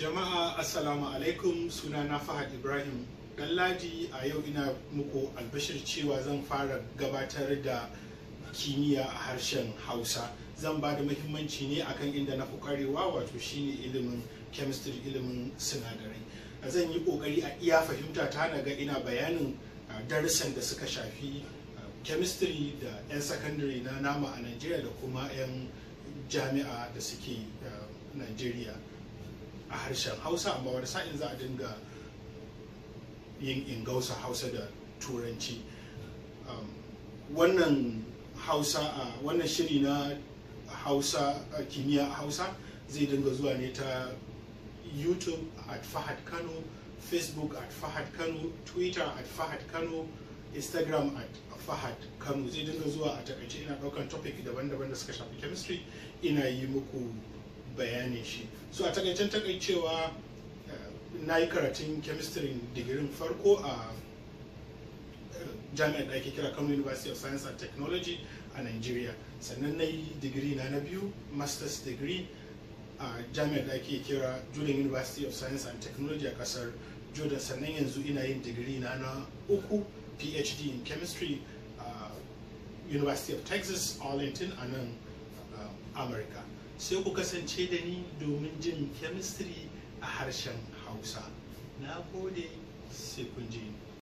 jama'a assalamu alaikum Suna na fahad ibrahim gallaji a yau ina muku albashir cewa zan fara gabatar da kimiyya a harshen hausa zan ba da muhimmanci ne akan inda na fi karewa wato shine ilimin chemistry ilimin sinadarai zan yi kokari a iya fahimta ta na ga ina bayanin darussan da suka shafi chemistry da 'yan secondary na nama a Najeriya da kuma 'yan jami'a da suke nigeria a harshen hausa amma wani sa'in za a dinga yin ingausa hausa da turanci um, wannan hausa a wannan shiri na hausa a kimiyya hausa zai dinga zuwa ne ta youtube at fahad kano facebook at fahad kano twitter at fahad kano instagram at fahad kano zai dinga zuwa a takaice ina daukan topic daban-daban da suka shafi chemistry ina yi muku bayanin shi so a takaicen takaicewa eh, na yi karatun chemistry digirin farko a eh, jami'ar da ake kira kano university of science and technology a nigeria sannan na yi digiri na na biyu master's degree a jami'ar da ake kira jordan university of science and technology a kasar jordan sannan yanzu ina yin digiri na na uku phd in chemistry a university of texas arlington a nan eh, amurka sai ku kasance da ni domin jin chemistry a harshen hausa na gode sai kun je ni